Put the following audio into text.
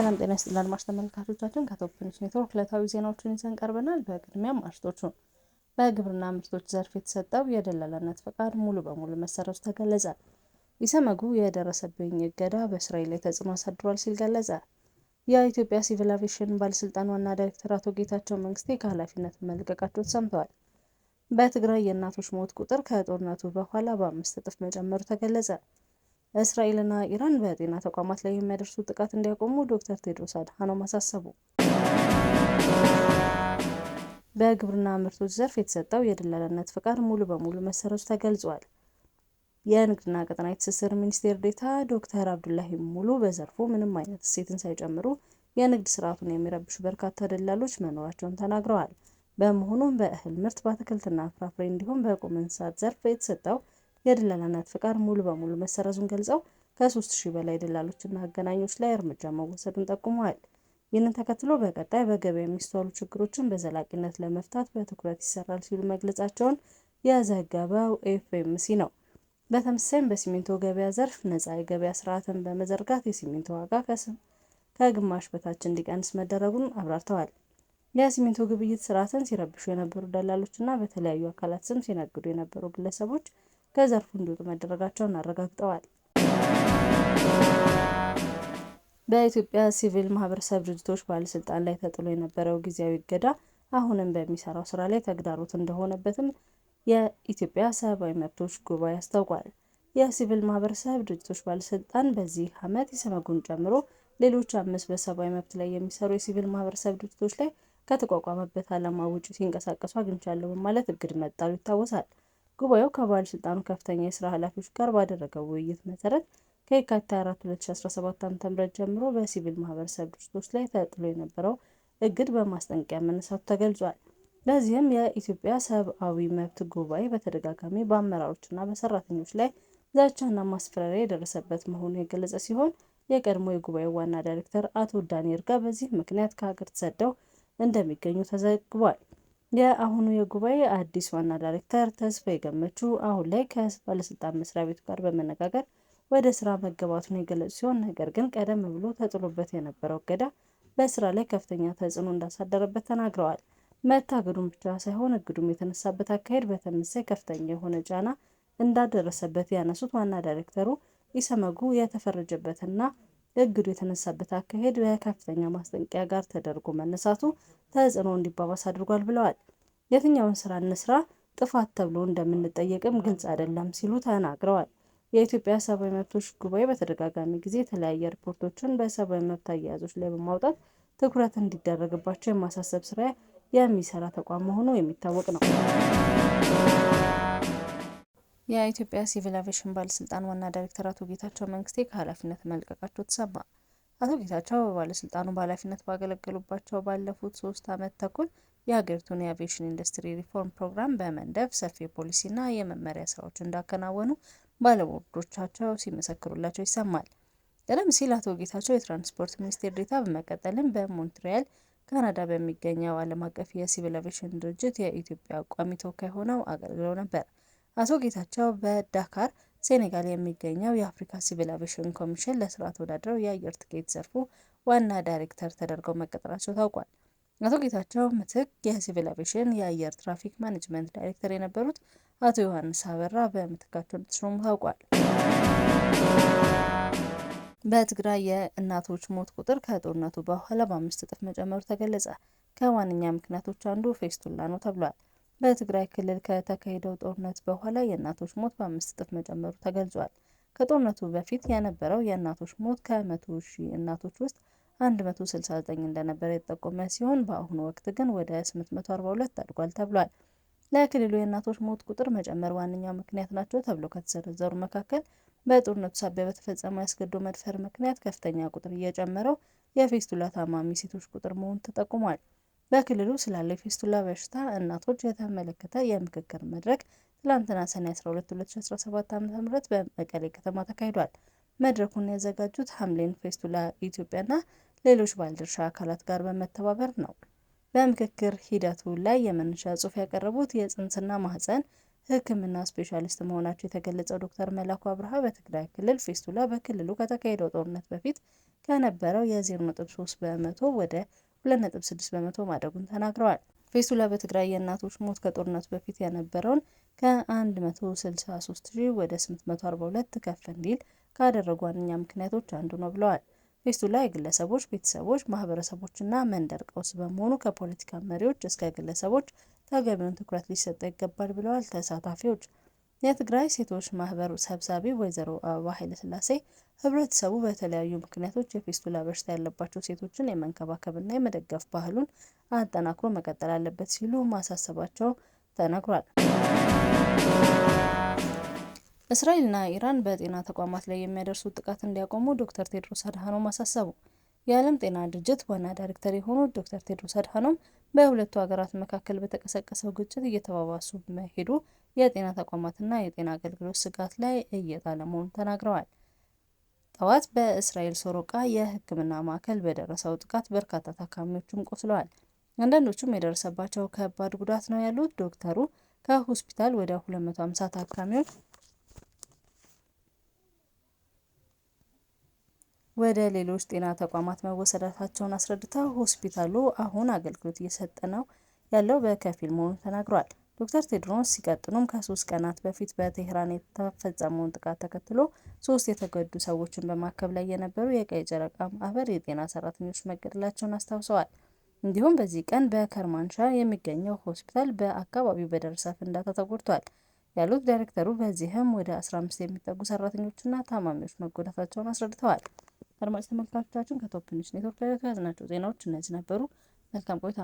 ሰላም ጤና ይስጥልን አድማጭ ተመልካቾቻችን ከቶፕንስ ኔትወርክ ዕለታዊ ዜናዎችን ይዘን ቀርበናል። በቅድሚያ ምርቶቹ በግብርና ምርቶች ዘርፍ የተሰጠው የደላላነት ፈቃድ ሙሉ በሙሉ መሰረዙ ተገለጸ። ኢሰመጉ የደረሰብኝ እገዳ በእስራኤል ላይ ተጽዕኖ አሳድሯል ሲል ገለጸ። የኢትዮጵያ ሲቪል አቪዬሽን ባለስልጣን ዋና ዳይሬክተር አቶ ጌታቸው መንግስቴ ከኃላፊነት መለቀቃቸው ተሰምተዋል። በትግራይ የእናቶች ሞት ቁጥር ከጦርነቱ በኋላ በአምስት እጥፍ መጨመሩ ተገለጸ። እስራኤልና ኢራን በጤና ተቋማት ላይ የሚያደርሱ ጥቃት እንዲያቆሙ ዶክተር ቴድሮስ አድሃኖም አሳሰቡ። በግብርና ምርቶች ዘርፍ የተሰጠው የደላላነት ፍቃድ ሙሉ በሙሉ መሰረቱ ተገልጿል። የንግድና ቀጠናዊ ትስስር ሚኒስቴር ዴታ ዶክተር አብዱላሂ ሙሉ በዘርፉ ምንም አይነት እሴትን ሳይጨምሩ የንግድ ስርዓቱን የሚረብሹ በርካታ ደላሎች መኖራቸውን ተናግረዋል። በመሆኑም በእህል ምርት፣ በአትክልትና ፍራፍሬ እንዲሁም በቁም እንስሳት ዘርፍ የተሰጠው የድለላነት ፍቃድ ሙሉ በሙሉ መሰረዙን ገልጸው ከሶስት ሺህ በላይ ደላሎችና አገናኞች ላይ እርምጃ መወሰዱን ጠቁመዋል። ይህንን ተከትሎ በቀጣይ በገበያ የሚስተዋሉ ችግሮችን በዘላቂነት ለመፍታት በትኩረት ይሰራል ሲሉ መግለጻቸውን የዘገበው ኤፍኤምሲ ነው። በተመሳሳይም በሲሚንቶ ገበያ ዘርፍ ነጻ የገበያ ስርዓትን በመዘርጋት የሲሚንቶ ዋጋ ከግማሽ በታች እንዲቀንስ መደረጉን አብራርተዋል። የሲሚንቶ ግብይት ስርዓትን ሲረብሹ የነበሩ ደላሎችና በተለያዩ አካላት ስም ሲነግዱ የነበሩ ግለሰቦች ከዘርፉ እንዲወጡ መደረጋቸውን አረጋግጠዋል። በኢትዮጵያ ሲቪል ማህበረሰብ ድርጅቶች ባለስልጣን ላይ ተጥሎ የነበረው ጊዜያዊ እገዳ አሁንም በሚሰራው ስራ ላይ ተግዳሮት እንደሆነበትም የኢትዮጵያ ሰብአዊ መብቶች ጉባኤ አስታውቋል። የሲቪል ማህበረሰብ ድርጅቶች ባለስልጣን በዚህ ዓመት የሰመጉን ጨምሮ ሌሎች አምስት በሰብአዊ መብት ላይ የሚሰሩ የሲቪል ማህበረሰብ ድርጅቶች ላይ ከተቋቋመበት ዓላማ ውጭ ሲንቀሳቀሱ አግኝቻለሁ በማለት እግድ መጣሉ ይታወሳል። ጉባኤው ከባለስልጣኑ ከፍተኛ የስራ ኃላፊዎች ጋር ባደረገው ውይይት መሰረት ከየካቲት 4 2017 ዓ.ም ጀምሮ በሲቪል ማህበረሰብ ድርጅቶች ላይ ተጥሎ የነበረው እግድ በማስጠንቀቂያ መነሳቱ ተገልጿል። ለዚህም የኢትዮጵያ ሰብአዊ መብት ጉባኤ በተደጋጋሚ በአመራሮችና በሰራተኞች ላይ ዛቻና ማስፈራሪያ የደረሰበት መሆኑ የገለጸ ሲሆን የቀድሞ የጉባኤው ዋና ዳይሬክተር አቶ ዳንኤል እርጋ በዚህ ምክንያት ከሀገር ተሰደው እንደሚገኙ ተዘግቧል። የአሁኑ የጉባኤ አዲስ ዋና ዳይሬክተር ተስፋዬ ገመቹ አሁን ላይ ከባለስልጣን መስሪያ ቤቱ ጋር በመነጋገር ወደ ስራ መገባቱን የገለጹ ሲሆን ነገር ግን ቀደም ብሎ ተጥሎበት የነበረው እገዳ በስራ ላይ ከፍተኛ ተጽዕኖ እንዳሳደረበት ተናግረዋል። መታገዱን ብቻ ሳይሆን እግዱም የተነሳበት አካሄድ በተመሳይ ከፍተኛ የሆነ ጫና እንዳደረሰበት ያነሱት ዋና ዳይሬክተሩ ኢሰመጉ የተፈረጀበትና እግዱ የተነሳበት አካሄድ ከከፍተኛ ማስጠንቀቂያ ጋር ተደርጎ መነሳቱ ተጽዕኖ እንዲባባስ አድርጓል ብለዋል። የትኛውን ስራ እንስራ ጥፋት ተብሎ እንደምንጠየቅም ግልጽ አይደለም ሲሉ ተናግረዋል። የኢትዮጵያ ሰብአዊ መብቶች ጉባኤ በተደጋጋሚ ጊዜ የተለያየ ሪፖርቶችን በሰብአዊ መብት አያያዞች ላይ በማውጣት ትኩረት እንዲደረግባቸው የማሳሰብ ስራ የሚሰራ ተቋም መሆኑ የሚታወቅ ነው። የኢትዮጵያ ሲቪል አቪዬሽን ባለስልጣን ዋና ዳይሬክተር አቶ ጌታቸው መንግስቴ ከኃላፊነት መልቀቃቸው ተሰማ። አቶ ጌታቸው በባለስልጣኑ በኃላፊነት ባገለገሉባቸው ባለፉት ሶስት ዓመት ተኩል የሀገሪቱን የአቪዬሽን ኢንዱስትሪ ሪፎርም ፕሮግራም በመንደፍ ሰፊ የፖሊሲና የመመሪያ ስራዎች እንዳከናወኑ ባለቦርዶቻቸው ሲመሰክሩላቸው ይሰማል። ቀደም ሲል አቶ ጌታቸው የትራንስፖርት ሚኒስቴር ዴታ በመቀጠልም በሞንትሪያል ካናዳ በሚገኘው ዓለም አቀፍ የሲቪል አቪዬሽን ድርጅት የኢትዮጵያ ቋሚ ተወካይ ሆነው አገልግለው ነበር። አቶ ጌታቸው በዳካር ሴኔጋል የሚገኘው የአፍሪካ ሲቪል አቪሽን ኮሚሽን ለስራ ተወዳድረው የአየር ትኬት ዘርፉ ዋና ዳይሬክተር ተደርገው መቀጠራቸው ታውቋል። አቶ ጌታቸው ምትክ የሲቪል አቪሽን የአየር ትራፊክ ማኔጅመንት ዳይሬክተር የነበሩት አቶ ዮሐንስ አበራ በምትካቸው እንደተሾሙ ታውቋል። በትግራይ የእናቶች ሞት ቁጥር ከጦርነቱ በኋላ በአምስት እጥፍ መጨመሩ ተገለጸ። ከዋነኛ ምክንያቶች አንዱ ፌስቱላ ነው ተብሏል። በትግራይ ክልል ከተካሄደው ጦርነት በኋላ የእናቶች ሞት በአምስት እጥፍ መጨመሩ ተገልጿል። ከጦርነቱ በፊት የነበረው የእናቶች ሞት ከመቶ ሺህ እናቶች ውስጥ 169 እንደነበረ የተጠቆመ ሲሆን በአሁኑ ወቅት ግን ወደ 842 አድጓል ተብሏል። ለክልሉ የእናቶች ሞት ቁጥር መጨመር ዋነኛው ምክንያት ናቸው ተብሎ ከተዘረዘሩ መካከል በጦርነቱ ሳቢያ በተፈጸመው ያስገድዶ መድፈር ምክንያት ከፍተኛ ቁጥር እየጨመረው የፌስቱላ ታማሚ ሴቶች ቁጥር መሆኑ ተጠቁሟል። በክልሉ ስላለ ፊስቱላ በሽታ እናቶች የተመለከተ የምክክር መድረክ ትላንትና ሰኔ 12 2017 ዓ.ም በመቀሌ ከተማ ተካሂዷል። መድረኩን ያዘጋጁት ሐምሌን ፌስቱላ ኢትዮጵያና ሌሎች ባለድርሻ አካላት ጋር በመተባበር ነው። በምክክር ሂደቱ ላይ የመነሻ ጽሑፍ ያቀረቡት የጽንስና ማህፀን ሕክምና ስፔሻሊስት መሆናቸው የተገለጸው ዶክተር መላኩ አብርሃ በትግራይ ክልል ፌስቱላ በክልሉ ከተካሄደው ጦርነት በፊት ከነበረው የ0.3 በመቶ ወደ 2.6 በመቶ ማደጉን ተናግረዋል። ፌስቱላ በትግራይ የእናቶች ሞት ከጦርነቱ በፊት የነበረውን ከ163 ሺህ ወደ 842 ከፍ እንዲል ካደረጉ ዋነኛ ምክንያቶች አንዱ ነው ብለዋል። ፌስቱላ የግለሰቦች፣ ቤተሰቦች፣ ማህበረሰቦችና መንደር ቀውስ በመሆኑ ከፖለቲካ መሪዎች እስከ ግለሰቦች ተገቢውን ትኩረት ሊሰጠው ይገባል ብለዋል ተሳታፊዎች። የትግራይ ሴቶች ማህበር ሰብሳቢ ወይዘሮ አበባ ኃይለስላሴ ህብረተሰቡ በተለያዩ ምክንያቶች የፊስቱላ በሽታ ያለባቸው ሴቶችን የመንከባከብና የመደገፍ ባህሉን አጠናክሮ መቀጠል አለበት ሲሉ ማሳሰባቸው ተነግሯል። እስራኤልና ኢራን በጤና ተቋማት ላይ የሚያደርሱት ጥቃት እንዲያቆሙ ዶክተር ቴድሮስ አድሃኖም አሳሰቡ። የዓለም ጤና ድርጅት ዋና ዳይሬክተር የሆኑት ዶክተር ቴድሮስ አድሃኖም በሁለቱ ሀገራት መካከል በተቀሰቀሰው ግጭት እየተባባሱ መሄዱ የጤና ተቋማትና የጤና አገልግሎት ስጋት ላይ እየጣለ መሆኑን ተናግረዋል። ጠዋት በእስራኤል ሶሮቃ የሕክምና ማዕከል በደረሰው ጥቃት በርካታ ታካሚዎችም ቆስለዋል። አንዳንዶቹም የደረሰባቸው ከባድ ጉዳት ነው ያሉት ዶክተሩ ከሆስፒታል ወደ 250 ታካሚዎች ወደ ሌሎች ጤና ተቋማት መወሰዳታቸውን አስረድተው ሆስፒታሉ አሁን አገልግሎት እየሰጠ ነው ያለው በከፊል መሆኑን ተናግሯል። ዶክተር ቴድሮስ ሲቀጥሉም ከሶስት ቀናት በፊት በቴህራን የተፈጸመውን ጥቃት ተከትሎ ሶስት የተጎዱ ሰዎችን በማከብ ላይ የነበሩ የቀይ ጨረቃ ማህበር የጤና ሰራተኞች መገደላቸውን አስታውሰዋል። እንዲሁም በዚህ ቀን በከርማንሻ የሚገኘው ሆስፒታል በአካባቢው በደረሰ ፍንዳታ ተጎድቷል ያሉት ዳይሬክተሩ በዚህም ወደ 15 የሚጠጉ ሰራተኞችና ታማሚዎች መጎዳታቸውን አስረድተዋል። አድማጭ ተመልካቾቻችን ከቶፕ ኒውስ ኔትወርክ ላይ ዜናዎች እነዚህ ነበሩ። መልካም ቆይታ።